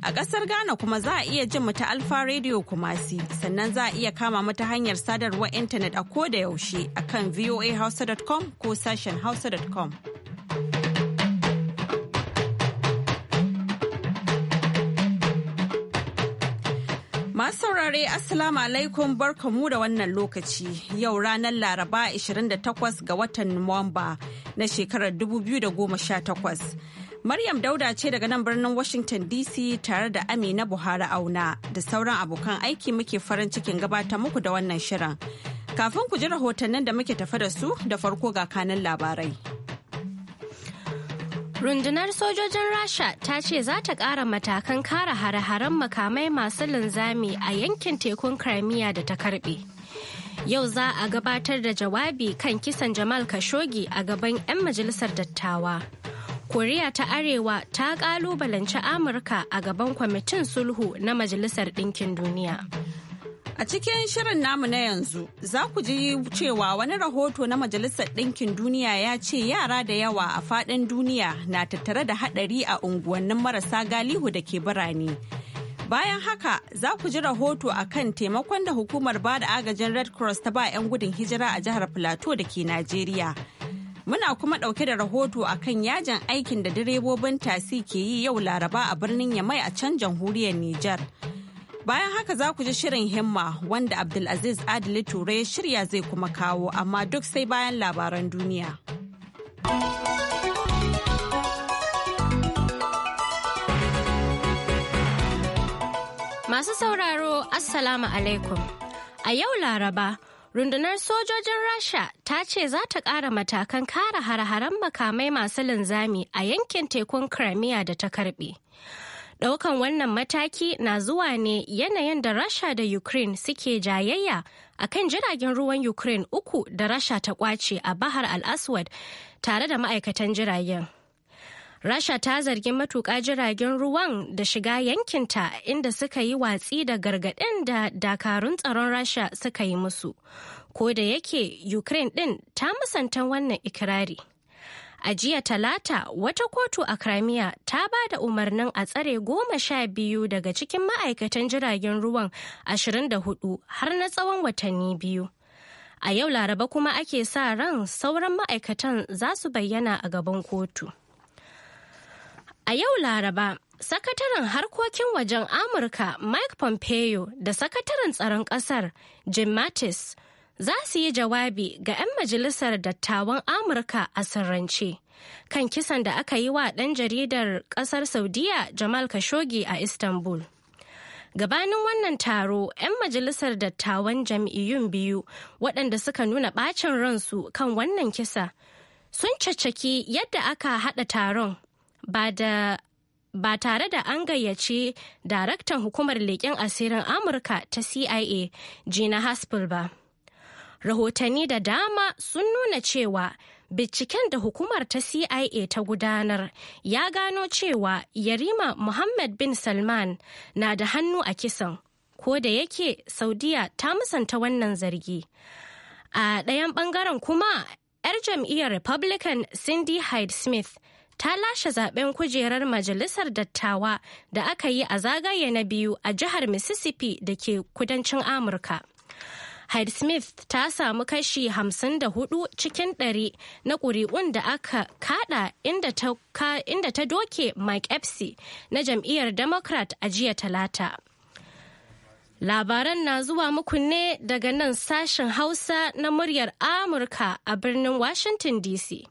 A ƙasar Ghana kuma za a iya jin mata Alfa Radio Kumasi, sannan za a iya kama mata hanyar sadarwar intanet a ko da yaushe a kan voahausa.com ko sashen hausa.com. Masu saurare Assalamu alaikum barkamu da wannan lokaci yau ranar Laraba 28 ga watan Nuwamba na shekarar 2018. Maryam Dauda ce daga nan birnin Washington DC tare da Amina Buhari Auna da sauran abokan aiki muke farin cikin gabatar muku da wannan shirin. Kafin ku ji rahotannin da muke tafa da su da farko ga kanan labarai. Rundunar sojojin Rasha ta ce za ta ƙara matakan kare hare-haren makamai masu linzami a yankin tekun Crimea da ta karbe. Yau za a gabatar da jawabi kan kisan Jamal Khashoggi a gaban 'yan majalisar dattawa. koriya ta arewa ta kalubalanci amurka a gaban kwamitin sulhu na majalisar ɗinkin duniya a cikin shirin namu na yanzu za ku ji cewa wani rahoto na majalisar ɗinkin duniya ya ce yara da yawa a faɗin duniya na tattare da haɗari a unguwannin marasa galihu da ke birane bayan haka za ku ji rahoto a kan taimakon da hukumar bada agajin red cross ta ba 'yan gudun hijira a jihar plateau da ke najeriya Muna kuma ɗauke da rahoto a kan yajin aikin da direbobin tasi ke yi yau Laraba a birnin Yamai a can jamhuriyar Nijar. Bayan haka za ku ji shirin himma wanda Abdulaziz Adili Ture shirya zai kuma kawo amma duk sai bayan labaran duniya. Masu sauraro, Assalamu alaikum. A yau Laraba, Rundunar sojojin Rasha ta ce za ta ƙara matakan kare hare-haren makamai masu linzami a yankin tekun Crimea da ta karbe. Ɗaukan wannan mataki na zuwa ne yanayin da Rasha da Ukraine suke jayayya a kan jiragen ruwan Ukraine uku da Rasha ta ƙwace a Bahar al-Aswad tare da ma'aikatan jiragen. Rasha ta zargi matuƙa jiragen ruwan da shiga yankinta inda suka yi watsi da gargaɗin da dakarun tsaron Rasha suka yi musu. Ko da yake Ukraine ɗin ta musanta wannan ikirari. A jiya talata wata kotu a Crimea ta ba da umarnin a tsare goma sha biyu daga cikin ma'aikatan jiragen ruwan ashirin da hudu har na tsawon watanni biyu. A yau Laraba kuma ake sa ran sauran ma'aikatan za su bayyana a gaban kotu. A yau Laraba, Sakataren harkokin wajen Amurka Mike Pompeo da Sakataren tsaron ƙasar Jim Mattis za su yi jawabi ga 'yan majalisar dattawan Amurka a sirrance kan kisan da aka yi wa ɗan jaridar ƙasar Saudiya Jamal Khashoggi a Istanbul. Gabanin wannan taro, 'yan majalisar dattawan jam'iyyun biyu waɗanda suka nuna ɓacin ransu kan wannan kisa sun caccaki yadda aka haɗa taron ba da ba tare da an gayyace daraktan hukumar leƙen asirin amurka ta cia gina haspel ba rahotanni da dama sun nuna cewa binciken da hukumar ta cia ta gudanar ya gano cewa yarima muhammad bin salman na da hannu a kisan ko da yake saudiya ta musanta wannan zargi a ɗayan ɓangaren kuma 'yar jam'iyyar republican cindy hyde smith ta lashe zaben kujerar majalisar dattawa da aka yi a zagaye na biyu a jihar Mississippi da ke kudancin Amurka. Hyde Smith ta samu kashi 54 cikin ɗari na ƙuri'un da aka kada inda ta, doke Mike Epsi na jam'iyyar Democrat a jiya talata. Labaran na zuwa muku ne daga nan sashen Hausa na muryar Amurka a birnin Washington DC.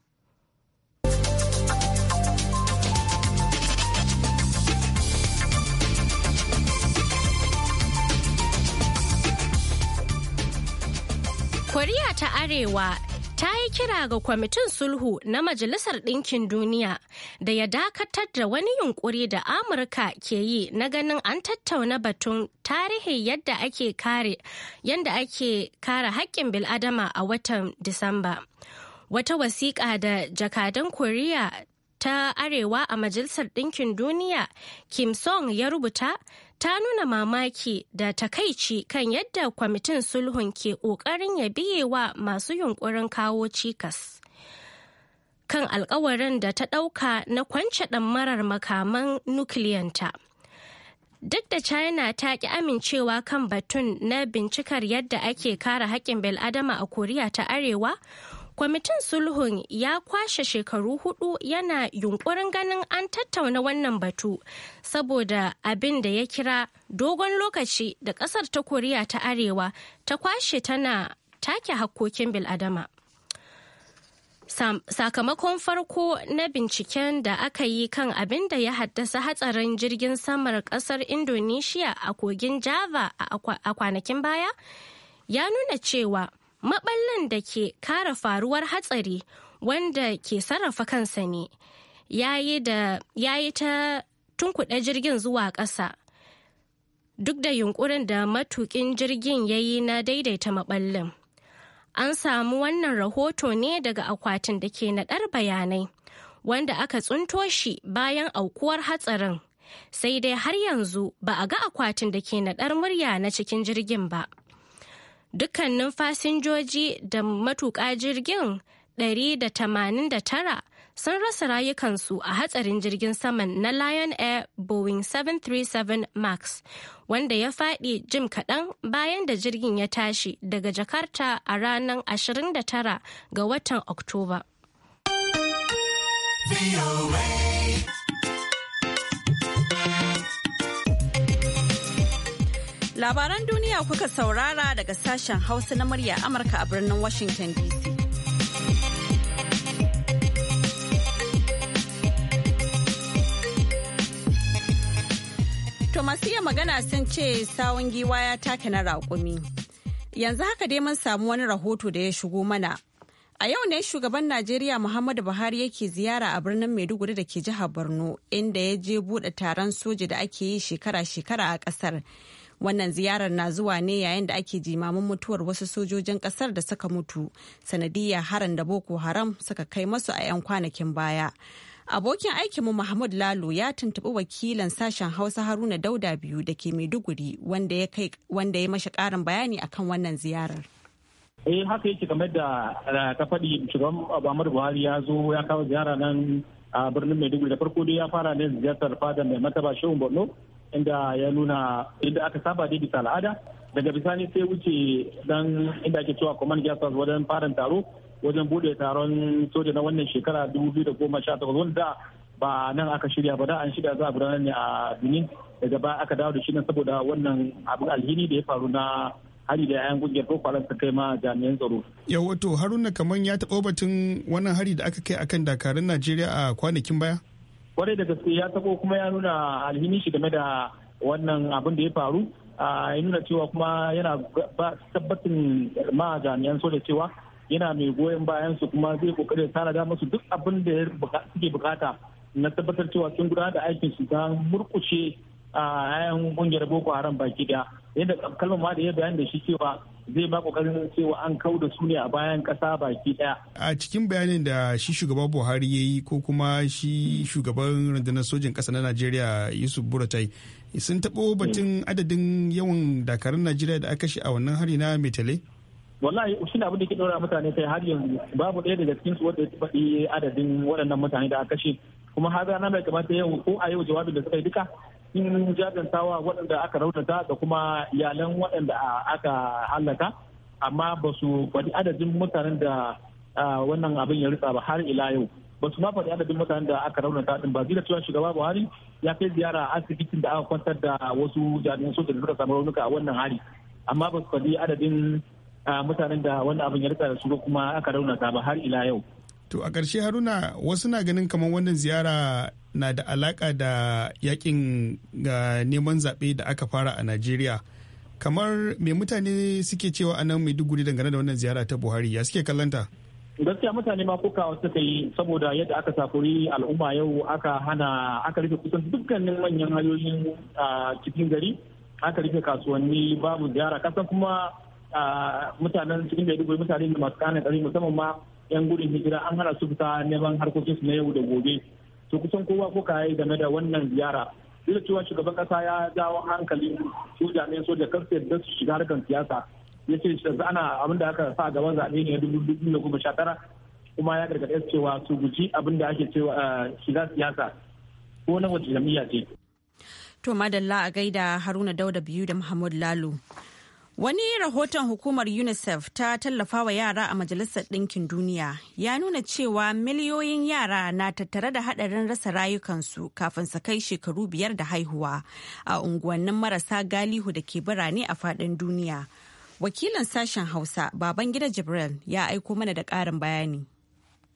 Koriya ta Arewa ta yi kira ga kwamitin sulhu na Majalisar Ɗinkin Duniya da ya dakatar da wani yunkuri da Amurka ke yi na ganin an tattauna batun tarihi yadda ake kare yadda ake kare haƙƙin bil'adama a watan Disamba. Wata wasiƙa da jakadan Koriya ta Arewa a Majalisar Ɗinkin Duniya Kim Song ya rubuta ta nuna mamaki da takaici kan yadda kwamitin sulhun ke ƙoƙarin ya biye wa masu yunkurin kawo cikas kan alkawarin da ta ɗauka na kwance ɗammarar makaman nukiliyanta duk da china ta ƙi amincewa kan batun na bincikar yadda ake kare haƙƙin bil'adama a koriya ta arewa kwamitin sulhun ya kwashe shekaru hudu yana yunkurin ganin an tattauna wannan batu saboda abin da ya kira dogon lokaci da kasar ta koriya ta arewa ta kwashe tana take hakkokin biladama sakamakon farko na binciken da aka yi kan abin da ya haddasa hatsarin jirgin samar kasar indonesia a kogin java a kwanakin baya ya nuna cewa Maballin da ke kare faruwar hatsari wanda ke sarrafa kansa ne, yayi ta tunkuɗe jirgin zuwa ƙasa. Duk da yunkurin da matuƙin jirgin ya yi na daidaita maballin. An samu wannan rahoto ne daga akwatin da ke naɗar bayanai, wanda aka tsunto shi bayan aukuwar hatsarin. Sai dai har yanzu ba a ga akwatin da ke naɗar murya na cikin jirgin ba. dukkanin fasinjoji da matuƙa jirgin 189 sun rasa rayukansu a hatsarin jirgin saman na Lion Air Boeing 737 MAX wanda ya faɗi jim kaɗan bayan da jirgin ya tashi daga Jakarta a ranar 29 ga watan Oktoba. Labaran duniya kuka saurara daga sashen Hausa na murya Amurka a birnin Washington DC. To masu iya magana sun ce sawun giwa ya take na raƙumi. Yanzu haka dai mun samu wani rahoto da ya shigo mana. A yau ne shugaban Najeriya Muhammadu Buhari yake ziyara a birnin Maiduguri da ke jihar Borno inda ya je bude taron soja da ake yi shekara-shekara a kasar Wannan ziyarar na zuwa ne yayin da ake jimamin mutuwar wasu sojojin kasar da suka mutu sanadiyar harin da Boko Haram suka kai masu a 'yan kwanakin baya. Abokin aikinmu Mahmud Lalo ya tuntuɓi wakilan sashen Hausa Haruna Dauda biyu da ke Maiduguri wanda ya mashi karin bayani akan wannan ziyarar. Eh haka yake kamar da eh, ka faɗi shugaban Buhari ya zo ya kawo ziyara nan a birnin maiduguri da farko dai ya fara ne ziyartar fada mai mataba shehun borno inda ya nuna inda aka saba dai bisa al'ada daga bisani sai wuce dan inda ake cewa command gas wajen fara taro wajen bude taron soja na wannan shekara 2018 wanda ba nan aka shirya ba da an shirya za a gudanar ne a benin daga baya aka dawo da shi nan saboda wannan abin alhini da ya faru na hari da 'ya'yan kungiyar boko haram suka kai ma jami'an tsaro. yau wato haruna kaman ya taɓa batun wannan hari da aka kai akan dakarun najeriya a kwanakin baya. kwarai da gaske ya taɓo kuma ya nuna alhinin shi game da wannan abin da ya faru ya nuna cewa kuma yana tabbatin ma jami'an soja cewa yana mai goyon bayan su kuma zai kokari ya tanada musu duk abin da suke bukata na tabbatar cewa sun gudanar da aikin su ta murkushe a ayan kungiyar boko haram baki daya yadda kalmar ma da ya bayani da shi cewa zai ba kokarin cewa an kau da su ne a bayan kasa baki daya a cikin bayanin da shi shugaba buhari ya yi ko kuma shi shugaban rundunar sojin kasa na najeriya yusuf buratai sun taɓo batun adadin yawan dakarun najeriya da aka shi a wannan hari na metale wallahi shi abin da ke ɗora mutane kai har yanzu babu ɗaya daga cikin su wanda ya faɗi adadin waɗannan mutane da aka kuma har ranar da kamata yau ko a yau jawabin da suka yi duka sun jajantawa waɗanda aka raunata da kuma iyalan waɗanda aka hallaka amma ba su faɗi adadin mutanen da wannan abin ya ritsa ba har ila yau ba su ma faɗi adadin mutanen da aka raunata din ba zira cewa shugaba buhari ya kai ziyara asibitin da aka kwantar da wasu jami'an soja da suka samu raunuka a wannan hari amma ba su faɗi adadin mutanen da wannan abin ya ritsa da su kuma aka raunata ba har ila yau to a ƙarshe haruna wasu na ganin kamar wannan ziyara na da alaka da yakin ga neman zaɓe da aka fara a najeriya kamar me mutane suke cewa a nan maiduguri dangane da wannan ziyara ta buhari ya suke kallanta gaskiya mutane ma kokawa suka yi saboda yadda aka safuri al'umma yau aka hana aka rufe kusan dukkanin manyan hanyoyin cikin gari aka rufe kasuwanni babu ziyara kasan kuma mutanen cikin maiduguri mutane da masu kanin ɗari musamman ma yan gudun hijira an hana su fita neman harkokinsu na yau da gobe to kusan kowa ko kayayi yi game da wannan ziyara duk cewa shugaban kasa ya jawo hankali su jami'an soja kar su yadda su shiga harkar siyasa ya ce ana abinda aka sa gaban zaɓe ne dubu dubu da goma sha tara kuma ya gargaɗe cewa su guji abinda ake cewa eh, shiga siyasa ko na wace jam'iyya ce. To madalla a gaida Haruna Dauda biyu da Muhammad lalu. Wani rahoton hukumar UNICEF ta tallafa wa yara a Majalisar Ɗinkin Duniya ya nuna cewa miliyoyin yara na tattare da haɗarin rasa rayukansu kafin su kai shekaru biyar da haihuwa a unguwannin marasa galihu da ke birane a faɗin duniya. Wakilin sashen Hausa, baban gida Jibril, ya aiko mana da ƙarin bayani.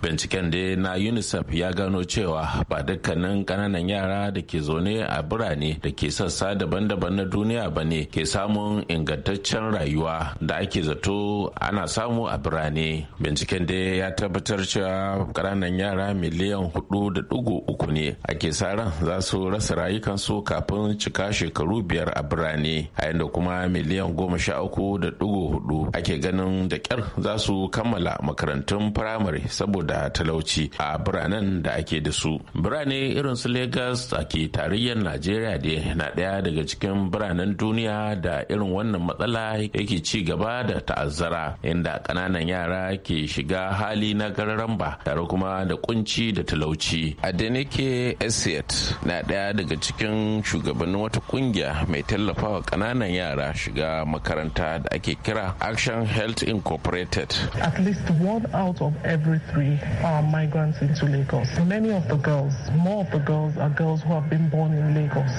binciken dai na unicef ya gano cewa ba dukkanin kananan yara da ke zaune a birane da ke sassa daban-daban na duniya ba ne ke samun ingantaccen rayuwa da ake zato ana samu a birane binciken dai ya tabbatar cewa kananan yara miliyan hudu da dugu uku ne ake sa ran za su rasa rayukansu kafin cika shekaru biyar a birane a yadda kuma miliyan goma sha uku da dugu hudu ake ganin da kyar za su kammala makarantun firamare saboda da talauci a biranen da ake da su birane irin su lagos a ke tarayyar najeriya da na ɗaya daga cikin biranen duniya da irin wannan matsala yake ci gaba da ta'azzara inda ƙananan yara ke shiga hali na gararamba tare kuma da kunci da talauci A denike esiet na ɗaya daga cikin shugabannin wata kungiya mai tallafawa ƙananan yara shiga makaranta da ake kira action health incorporated at least one out of every three are migrants into Lagos. Many of the girls, more of the girls, are girls who have been born in Lagos.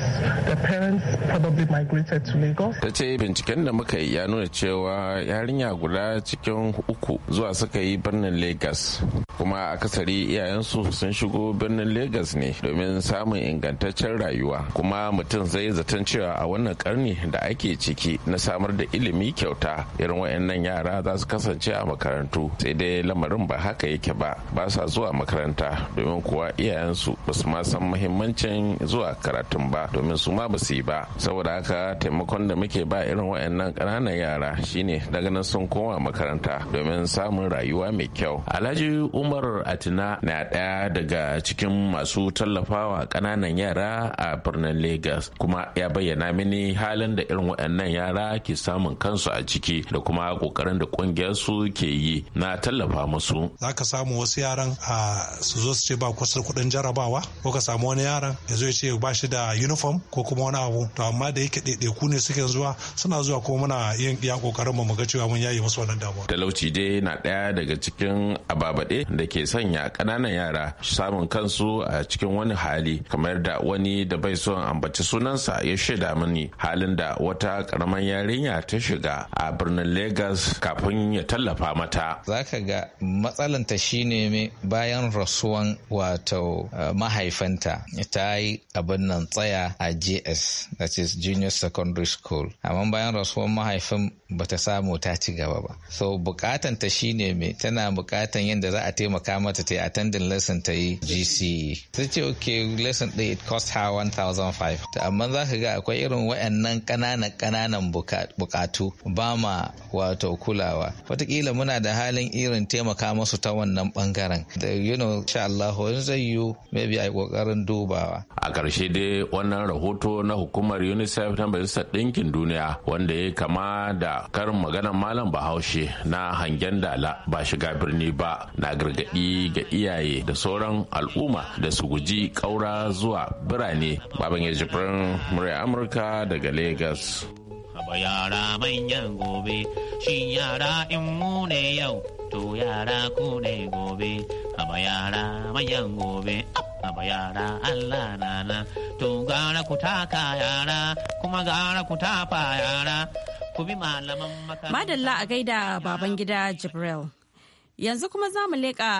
Their parents probably migrated to Lagos. Ta ce binciken da muka yi ya nuna cewa yarinya guda cikin uku zuwa suka yi birnin Lagos. Kuma a akasari iyayensu sun shigo birnin Lagos ne domin samun ingantaccen rayuwa. Kuma mutum zai zaton cewa a wannan karni da ake ciki na samar da ilimi kyauta irin waɗannan yara za su kasance a makarantu sai dai lamarin ba haka yake ba. ba sa zuwa makaranta domin kuwa iyayensu ba su ma san muhimmancin zuwa karatun ba domin su ma ba su yi ba saboda haka taimakon da muke ba irin waɗannan ƙananan yara shine daga nan sun koma makaranta domin samun rayuwa mai kyau alhaji umar atina na ɗaya daga cikin masu tallafawa ƙananan yara a birnin lagos kuma ya bayyana mini halin da irin waɗannan yara ke samun kansu a ciki da kuma ƙoƙarin da ƙungiyarsu ke yi na tallafa musu ka samu wasu yaran su zo su ce ba kusur kuɗin jarabawa ko ka samu wani yaran ya zo ya ce ba shi da uniform ko kuma wani abu to amma da yake ɗaiɗaiku ne suke zuwa suna zuwa ko muna yin iya ƙoƙarin mu ga cewa mun yayi musu wannan damuwa. Talauci dai na ɗaya daga cikin ababade da ke sanya ƙananan yara samun kansu a cikin wani hali kamar da wani da bai son ambaci sunansa ya shaida mini halin da wata ƙaramin yarinya ta shiga a birnin Lagos kafin ya tallafa mata. zaka ga matsalanta shi neme bayan rasuwan wato eh, mahaifanta ta yi abin nan tsaya a js that is junior secondary school amma bayan rasuwan mahaifin bata samu ta ci gaba ba so bukatan ta shine me tana bukatan yadda za a taimaka mata ta yi attending lesson ta yi gce ta ce ok lesson ɗin it cost her ta amma za ka ga akwai irin wayannan ƙananan ƙananan bukatu ba ma wato kulawa watakila muna da halin irin taimaka masu ta wannan bangaren da you know sha Allah wani zai yiwu maybe a yi kokarin dubawa a ƙarshe dai wannan rahoto na hukumar UNICEF ta Majalisar Ɗinkin Duniya wanda ya kama da karin magana malam Bahaushe na hangen dala ba shiga birni ba na gargaɗi ga iyaye da sauran al'umma da su guji ƙaura zuwa birane baban ya jibrin murya Amurka daga Lagos. Yara manyan gobe, shin yara in mu ne yau. to yara ku ne gobe haba yara manyan gobe haba yara allah nana to gara ku taka yara kuma gara ku tafa yara ku bi malaman makaranta madalla a gaida baban gida jibril yanzu kuma za mu a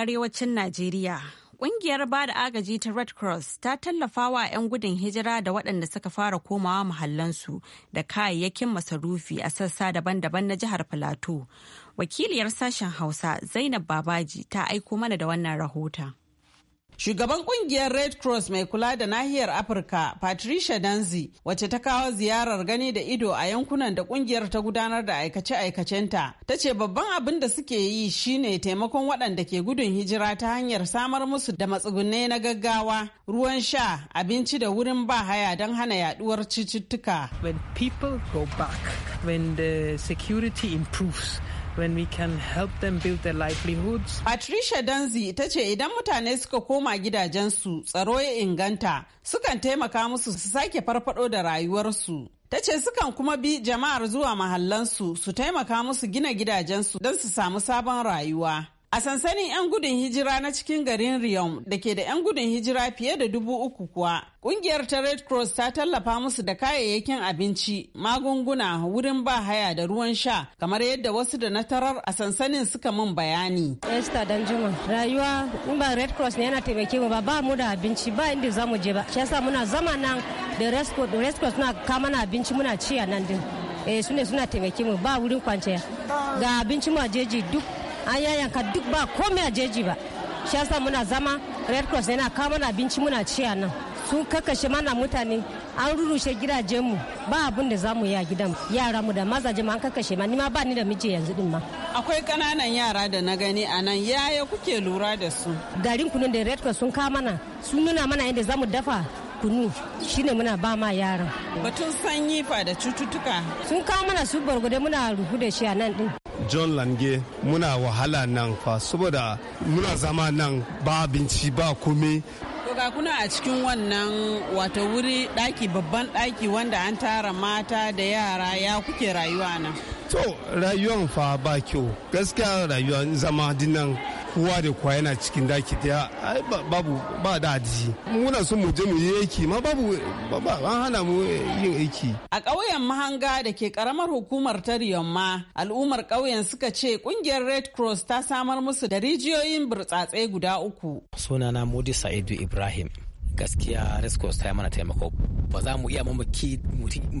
arewacin najeriya Ƙungiyar ba da agaji ta Red Cross ta tallafa wa 'yan gudun hijira da waɗanda suka fara komawa mahallansu da kayayyakin masarufi a sassa daban-daban na jihar Plateau. wakiliyar sashen hausa zainab babaji ta aiko mana da wannan rahota. Shugaban kungiyar Red Cross mai kula da nahiyar Afirka, Patricia Danzi, wacce ta kawo ziyarar gani da ido a yankunan da kungiyar ta gudanar da aikace-aikacenta, ta ce babban abin da suke yi shine taimakon waɗanda ke gudun hijira ta hanyar samar musu da matsugunai na gaggawa, ruwan sha, abinci da wurin ba haya don hana yaduwar cututtuka. when we can help them build their livelihoods. Patricia Danzi ita ce idan mutane suka koma gidajensu tsaro ya inganta sukan taimaka musu su sake farfado da rayuwarsu. Ta ce sukan kuma bi jama'ar zuwa mahallansu su taimaka musu gina gidajensu don su samu sabon rayuwa. A sansanin 'yan gudun hijira na cikin garin Riyom da ke da 'yan gudun hijira fiye da dubu uku kuwa, kungiyar ta Red Cross ta tallafa musu da kayayyakin abinci, magunguna, wurin ba haya da ruwan sha, kamar yadda wasu da na tarar a sansanin suka min bayani. Esther Danjuma, rayuwa in ba Red Cross ne yana taimake mu ba ba mu da abinci ba inda za mu je ba. Shi yasa muna zama nan da Red Cross na kama na abinci muna ci a nan din. Eh, sune suna taimake mu ba wurin kwanciya. Ga abinci mu a jeji duk an yayanka duk ba komai a jeji ba shi muna zama red cross yana kawo mana abinci muna ci a nan sun kakashe mana mutane an rurushe gidajenmu ba abin da za mu a gidan yara mu da mazaje ma an kakashe ma nima ba ni da miji yanzu din ma akwai kananan yara da na gani a nan yaya kuke lura da su garin kunun da red cross sun kawo mana sun nuna mana yadda za dafa kunu shine muna ba ma yaran batun sanyi fa da cututtuka sun kawo mana su bargwade muna rufu da shi a nan din john lange muna wahala nan fa saboda muna zama nan ba abinci ba komai ga kuna a cikin wannan wata wuri daki babban daki wanda an tara mata da yara ya kuke rayuwa nan to rayuwan fa ba kyau gaskiya rayuwa zama dinnan kowa da kowa yana cikin daki daya babu ba da adiji muna son mu mu yi aiki ma babu ba an hana mu yin aiki a ƙauyen mahanga da ke karamar hukumar ta ma al'ummar ƙauyen suka ce kungiyar red cross ta samar musu da rijiyoyin burtsatse guda uku sunana modi sa'idu ibrahim gaskiya risk ta mana taimako ba za mu iya mu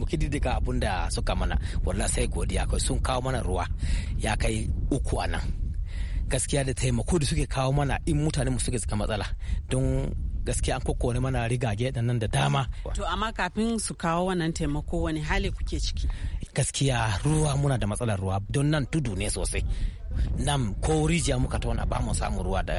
kididdiga abun da suka mana wallah sai godiya kai sun kawo mana ruwa ya kai uku a nan gaskiya da taimako da suke kawo mana in mutane mu suke suka matsala don gaskiya an kokone mana rigage da nan da dama. To amma kafin su kawo wannan taimako wani hali kuke ciki? Gaskiya ruwa muna da matsalar ruwa don nan tudu ne sosai. Nan ko rijiya muka tona ba mu samu ruwa da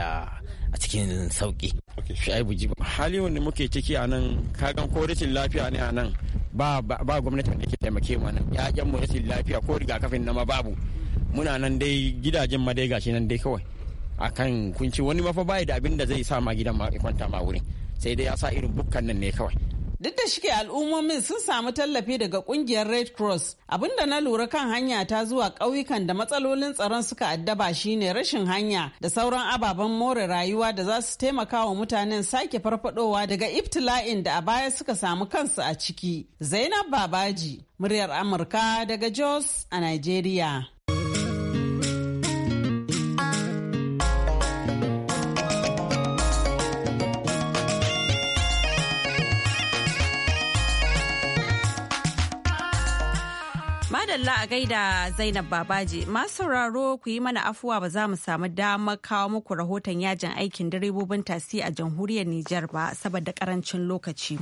a cikin sauki. halin Jibo. Hali muke ciki a nan kagan ko rashin lafiya ne a nan ba gwamnati da ke taimake mu nan. Ya'yan mu rashin lafiya ko rigakafin na ma babu. Muna nan dai gidajen ma dai gashi nan dai kawai. Akan kunci wani mafa bayi da abin da zai sa ma gidan ma kwanta ma wurin. Sai dai ya sa irin bukkan nan ne kawai. Duk da shike al'ummomin sun samu tallafi daga kungiyar Red Cross, abinda na lura kan hanya ta zuwa ƙauyukan da matsalolin tsaron suka addaba shine rashin hanya da sauran ababen more rayuwa da za su taimaka wa mutanen sake farfadowa daga ibtila'in da a baya suka samu kansu a ciki. Zainab Babaji, muryar Amurka daga Jos a Nigeria. Allah a gaida Zainab Babaji, masu sauraro ku yi mana afuwa ba za mu samu damar kawo muku rahoton yajin aikin direbobin tasi a jamhuriyar Nijar ba saboda karancin lokaci.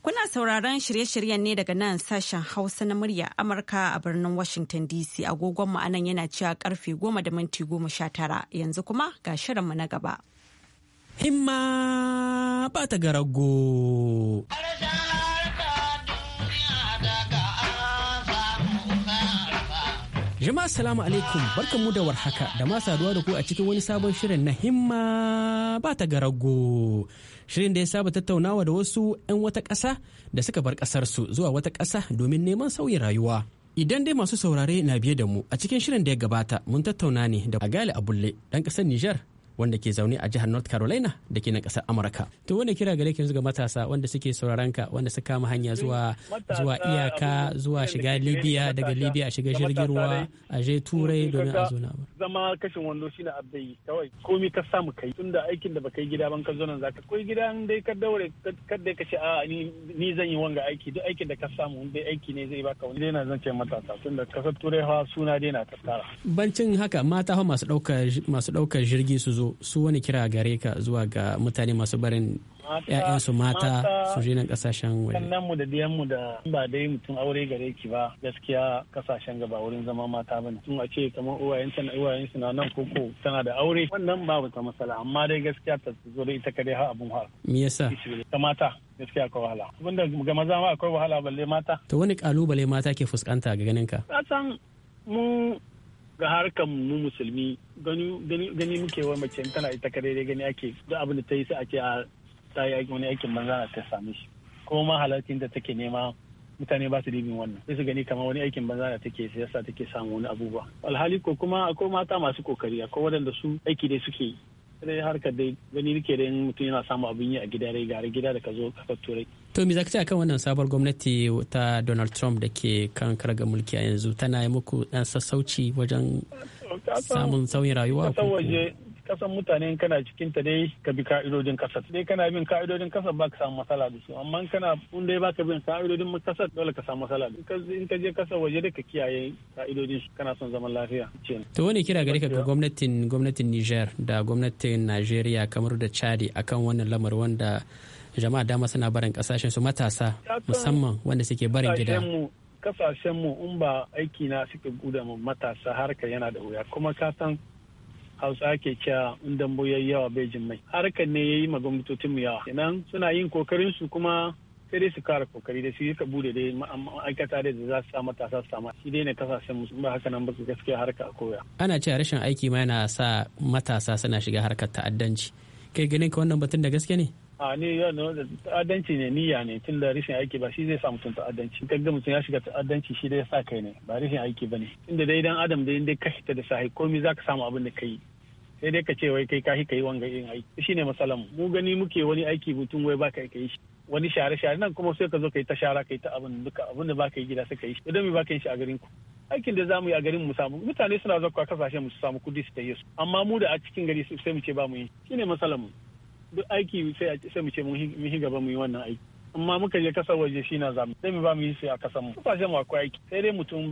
Kuna sauraron shirye-shiryen ne daga nan sashen Hausa na murya Amurka a birnin Washington DC agogon mu anan yana cewa karfe goma da minti goma sha tara yanzu kuma ga shirinmu na gaba. Himma ba ta garago. Jama'a salamu alaikum barkanmu da warhaka da ma saduwa da ku a cikin wani sabon shirin na himma ba ta garago. Shirin da ya saba tattaunawa da wasu 'yan wata ƙasa da suka bar ƙasarsu zuwa wata ƙasa domin neman sauyi rayuwa. Idan dai masu saurare na biye da mu a cikin shirin da ya gabata mun tattauna ne da Agali Abulle ɗan ƙasar Nijar wanda ke zaune a jihar North Carolina da ke nan kasar Amurka. To wanda kira gare ki ga matasa wanda suke sauraron ka wanda suka kama hanya zuwa zuwa iyaka zuwa shiga Libya daga Libya a shiga jirgin ruwa a je Turai domin a zona ba. Zama kashin wando shine abdai kawai komai ka samu kai tunda aikin da baka yi gida ban ka zo nan zaka koyi gida dai ka daure kada ka ce a ni zan yi wanga aiki duk aikin da ka samu dai aiki ne zai baka wani dai na zance matasa tunda kasar Turai hawa suna dai na tattara. Bancin haka mata masu ɗaukar masu ɗaukar jirgi su zo su wani kira gare ka zuwa ga mutane masu barin ‘ya'yansu mata su je nan kasashen waje. Sannan mu da diyan mu da ba dai mutum aure gare ki ba gaskiya kasashen gaba wurin zama mata ba ne. Tun a ce kamar uwayen tana uwayen suna nan koko tana da aure wannan babu ta matsala amma dai gaskiya ta zo da ita kare har abun har. Me yasa? Ta mata. gaskiya akwai wahala da ga maza ma akwai wahala balle mata to wani kalubale mata ke fuskanta ga ganin ka san mu ga harkan mu musulmi gani muke wa mace tana ita kare dai gani ake da abin da ta yi sai a a ta yi wani aikin banza na ta same shi kuma ma halarcin da take nema mutane ba su ribin wannan sai su gani kamar wani aikin banza da take sai yasa take samu wani abubuwa alhali ko kuma akwai mata masu kokari akwai waɗanda su aiki dai suke yi dai harkar dai gani nake da mutum yana samu abin yi a gida dai gare gida da ka zo kasar turai to me zaka ce akan wannan sabon gwamnati ta Donald Trump da ke kan karga mulki a yanzu tana yi muku dan sassauci wajen samun sauyin rayuwa kasan mutane kana cikin ta dai ka bi ka'idodin kasar dai kana bin ka'idodin kasar ba ka samu matsala da su amma kana in dai baka bin ka'idodin kasar dole ka samu matsala da su in ka je kasa waje da ka kiyaye ka'idodin kana son zaman lafiya to wani kira gare ka ga gwamnatin gwamnatin Niger da gwamnatin nigeria kamar da Chadi akan wannan lamar wanda jama'a dama suna barin kasashen su matasa musamman wanda suke barin gida kasashen mu in ba aiki na suka gudanar matasa harka yana da wuya kuma ka san hausa ake cewa in dambo yi yawa bai jin mai harkar ne yayi ma gwamnatocin mu yawa kenan suna yin kokarin su kuma sai dai su kara kokari da su yi bude dai ma'aikata da za su samu matasa su sama shi dai ne kasashen musu ba haka nan ba su gaskiya harka a koya ana cewa rashin aiki ma yana sa matasa suna shiga harkar ta'addanci kai ganin ka wannan batun da gaske ne a ne ta'addanci ne niyya ne tun da rashin aiki ba shi zai sa mutum ta'addanci kan ga mutum ya shiga ta'addanci shi dai ya sa kai ne ba rashin aiki ba ne tun da dai dan adam da dai ka hita da sahi komai za ka samu abin da ka yi sai dai ka ce wai kai kahi kai wanga yin aiki shi ne matsalan mu gani muke wani aiki mutum wai baka kai shi wani share share nan kuma sai ka zo kai ta shara kai ta abin duka abin da baka yi gida sai ka yi idan mu baka yi shi a garin ku aikin da zamu yi a garin mu samu mutane suna zakwa kasashe mu su samu kudi su tayi su amma mu da a cikin gari sai mu ce ba mu yi ne matsalan mu duk aiki sai mu ce mun yi gaba mu yi wannan aiki amma muka je kasar waje shi na zamu sai mu ba mu yi sai a kasar mu kasashen akwai aiki sai dai mutum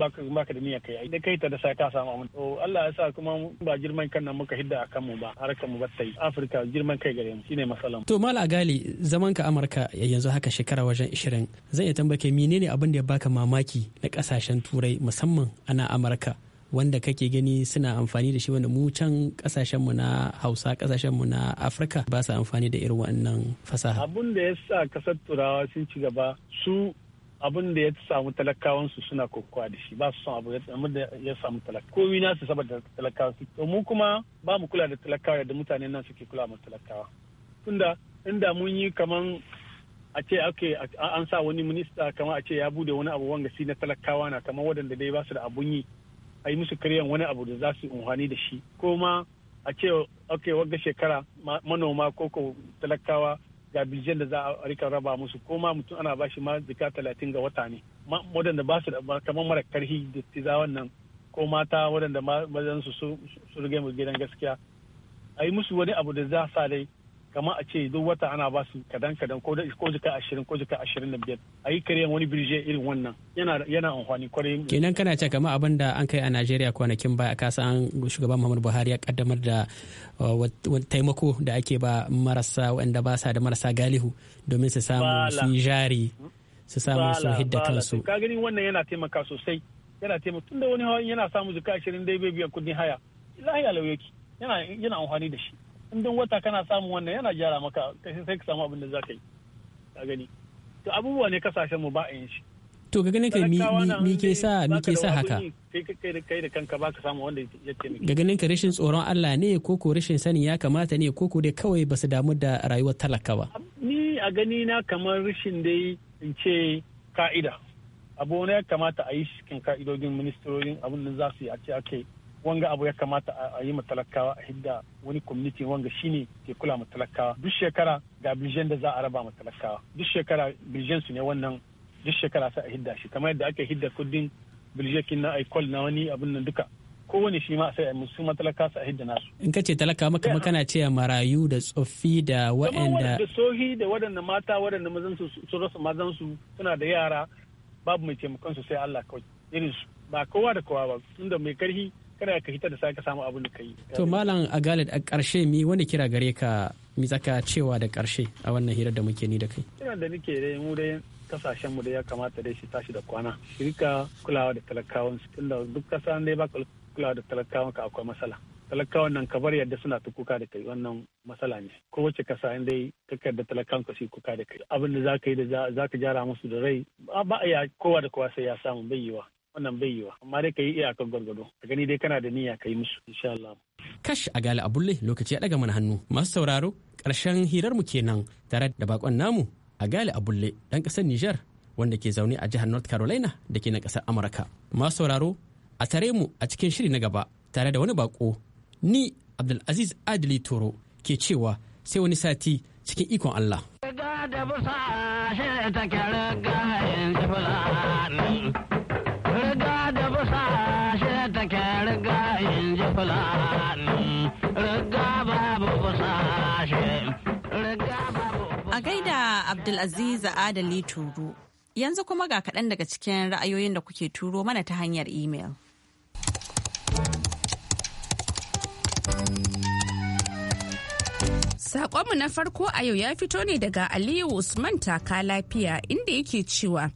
ka da niyyar kai da kai ta da sai ka samu amma to Allah ya sa kuma ba girman kan nan muka hidda a kanmu ba harkar mu ba ta yi Afirka girman kai gare mu shine masalan to mala gali zaman ka Amurka yanzu haka shekara wajen 20 zan iya tambake menene abin da ya baka mamaki na kasashen turai musamman ana Amurka wanda kake gani suna amfani da shi wanda mu can kasashenmu na hausa kasashenmu na afirka ba su amfani da irin wannan fasaha abun da ya sa kasar turawa sun ci gaba su abun da ya samu talakawansu suna kokowa da shi ba su son abu da ya samu talakawa. talaka komi su saboda talakawa su mu kuma ba mu kula da talakawa da mutane nan suke kula ma talakawa tunda inda mun yi kaman a ce ake an sa wani minista kamar a ce ya bude wani abu wanga shi na talakawa na kamar wadanda dai ba su da abun yi a yi musu karyan wani abu da za su unhani da shi ko ma a ce ok wadda shekara manoma ko ko talakawa ga bijiyan da za a rika raba musu ko ma mutum ana bashi ma zika talatin ga wata ne waɗanda ba su da kamar mara karhi da tiza nan ko mata waɗanda mazan su su rige mu gidan gaskiya a yi musu wani abu da za sa dai kamar a ce duk wata ana ba su kadan kadan ko ko jika ashirin ko jika ashirin da biyar a yi kare wani birje irin wannan yana yana amfani kwarai kenan kana ce kamar abin da an kai a Najeriya kwanakin baya ka san shugaban Muhammadu Buhari ya kaddamar da uh, taimako da ake ba marasa wanda ba sa da marasa galihu domin su samu su jari su samu su hidda kansu ka gani wannan yana taimaka sosai yana taimaka tunda wani yana samu jika ashirin dai bai biya kudin haya lahiya alau yana yana amfani da shi in duk wata kana samun wannan yana gyara maka sai ka samu abin da za ka yi ka gani to abubuwa ne kasashen mu ba a yin to ga ganin ka mi ke sa mi ke sa haka kai da kanka baka samu wanda ya ce ga ganin ka rashin tsoron Allah ne ko ko rashin sani ya kamata ne ko ko dai kawai basu damu da rayuwar talaka ba ni a gani na kamar rashin dai in ce ka'ida abu ne ya kamata a yi cikin ka'idodin ministerorin abin da za su yi a ce ake wanga abu ya kamata a yi talakawa a hidda wani community wanga shine ke kula ma talakawa duk shekara ga bijen da za a raba ma talakawa duk shekara bijen su ne wannan duk shekara sai a hidda shi kamar yadda ake hidda kudin biljekin na aikol na wani abun nan duka kowane shi ma sai a musu matalaka su a hidda nasu. In ka ce talaka maka maka na cewa marayu da tsoffi da waɗanda. Da sohi da waɗanda mata waɗanda mazan su su rasa mazan su suna da yara babu mai taimakon su sai Allah kawai irin su ba kowa da kowa ba tunda mai karhi kana ka fita da sa ka samu abin da ka yi to malam agalid a ƙarshe mi wani kira gare ka mi tsaka cewa da ƙarshe a wannan hirar da muke ni da kai kira da nake da mu dai kasashen mu da ya kamata dai shi tashi da kwana shirika kulawa da talakawan su tunda duk kasa ne ba kulawa da talakawan ka akwai matsala talakawan nan ka bar yadda suna ta kuka da kai wannan matsala ne wace kasa in dai kakar da talakawan ka su kuka da kai abin da ka yi da za ka jara musu da rai ba a kowa da kowa sai ya samu bai yiwa wannan bai yiwa amma dai ka yi iyakar gwargwado a gani dai kana da niyya ka yi musu insha Allah. kash a gali abulle lokaci ya daga mana hannu masu sauraro ƙarshen hirar mu kenan tare da bakon namu a gali abulle dan ƙasar Nijar wanda ke zaune a jihar North Carolina da ke na ƙasar Amurka. Masu sauraro a tare mu a cikin shiri na gaba tare da wani bako ni Abdulaziz Adili Toro ke cewa sai wani sati cikin ikon Allah. Riga da busa shi ta a gaida abdulaziz adali turu yanzu kuma ga kaɗan daga cikin ra'ayoyin da kuke turo mana ta hanyar imel. saƙonmu na farko a yau ya fito ne daga Aliyu Usman taka lafiya inda yake cewa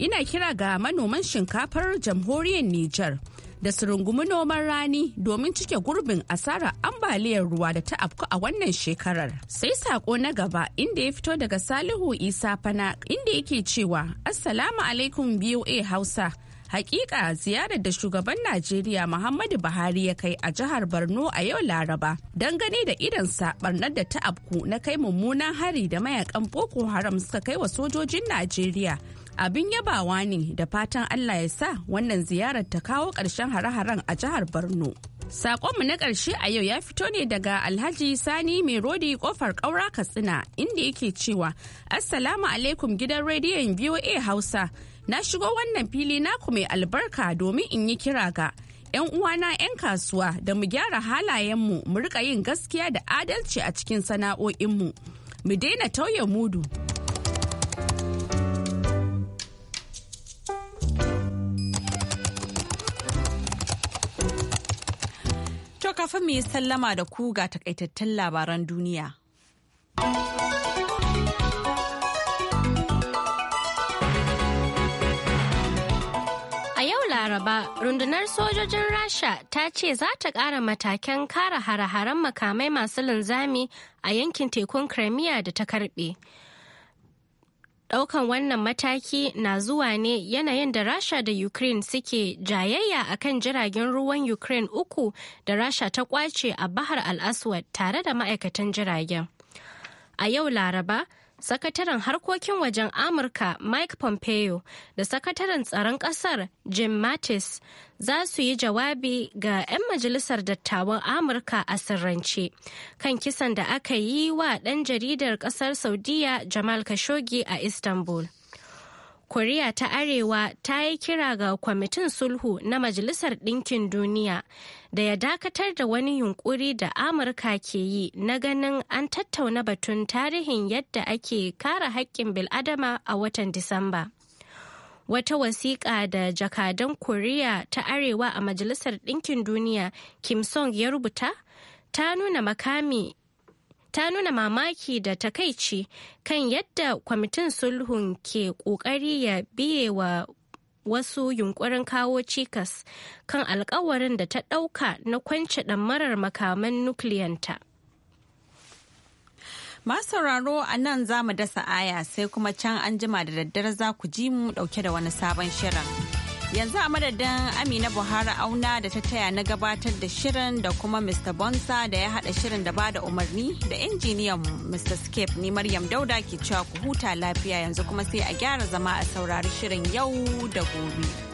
ina kira ga manoman shinkafar jamhuriyar Nijar da su rungumi noman rani domin cike gurbin asarar ambaliyar ruwa da ta afku a wannan shekarar. Sai sako na gaba inda ya fito daga Salihu Isa Fana inda yake cewa Assalamu alaikum BOA Hausa. Hakika ziyarar da shugaban Najeriya Muhammadu Buhari ya kai a jihar Borno a yau Laraba gani da sa barnar da ta afku na kai mummunan hari da mayakan Boko Haram suka kai wa sojojin Najeriya. abin yabawa ne da fatan allah ya sa wannan ziyarar ta kawo ƙarshen hare-haren a jihar borno Sakonmu na ƙarshe a yau ya fito ne daga Alhaji Sani mai rodi kofar ƙaura Katsina inda yake cewa Assalamu alaikum gidan rediyon VOA Hausa. Na shigo wannan fili naku mai albarka domin in yi kira ga 'yan uwana 'yan kasuwa da mu gyara halayenmu mu rika yin gaskiya da adalci a cikin sana'o'inmu. Mu daina tauye mudu. kafin mu yi sallama da ku ga takaitattun labaran duniya. A yau Laraba, rundunar sojojin Rasha ta ce za ta ƙara mataken kare hare-haren makamai masu linzami a yankin tekun Crimea da ta karɓe. Daukan wannan mataki na zuwa ne yanayin da Rasha da Ukraine suke jayayya a kan jiragen ruwan Ukraine uku da Rasha ta kwace a Bahar al-Aswad tare da ma'aikatan jiragen. A yau Laraba, sakataren harkokin wajen amurka mike pompeo da sakataren tsaron kasar jim mattis za su yi jawabi ga 'yan majalisar dattawan amurka a sirrance kan kisan da aka yi wa ɗan jaridar ƙasar saudiya jamal khashoggi a istanbul koriya ta arewa ta yi kira ga kwamitin sulhu na majalisar ɗinkin duniya da ya dakatar da wani yunkuri da amurka ke yi na ganin an tattauna batun tarihin yadda ake kare haƙƙin bil'adama a watan disamba wata wasiƙa da jakadan koriya ta arewa a majalisar ɗinkin duniya kim song ya rubuta ta nuna makami ta nuna mamaki da takaici kan yadda kwamitin sulhun ke ƙoƙari ya biye wa wasu yunkurin kawo cikas kan alkawarin da ta ɗauka na kwance ɗamarar makaman nukiliyanta. Masu sauraro a nan za mu dasa aya sai kuma can an jima da daddare za ku ji mu dauke da wani sabon shirin. Yanzu a madadin Amina Buhari auna da ta taya na gabatar da shirin da kuma Mr. Bonsa da ya hada shirin da ba da umarni da injiniyan Mr. Skip ne Maryam Dauda ke cewa ku huta lafiya yanzu kuma sai a gyara zama a saurari shirin yau da gobe.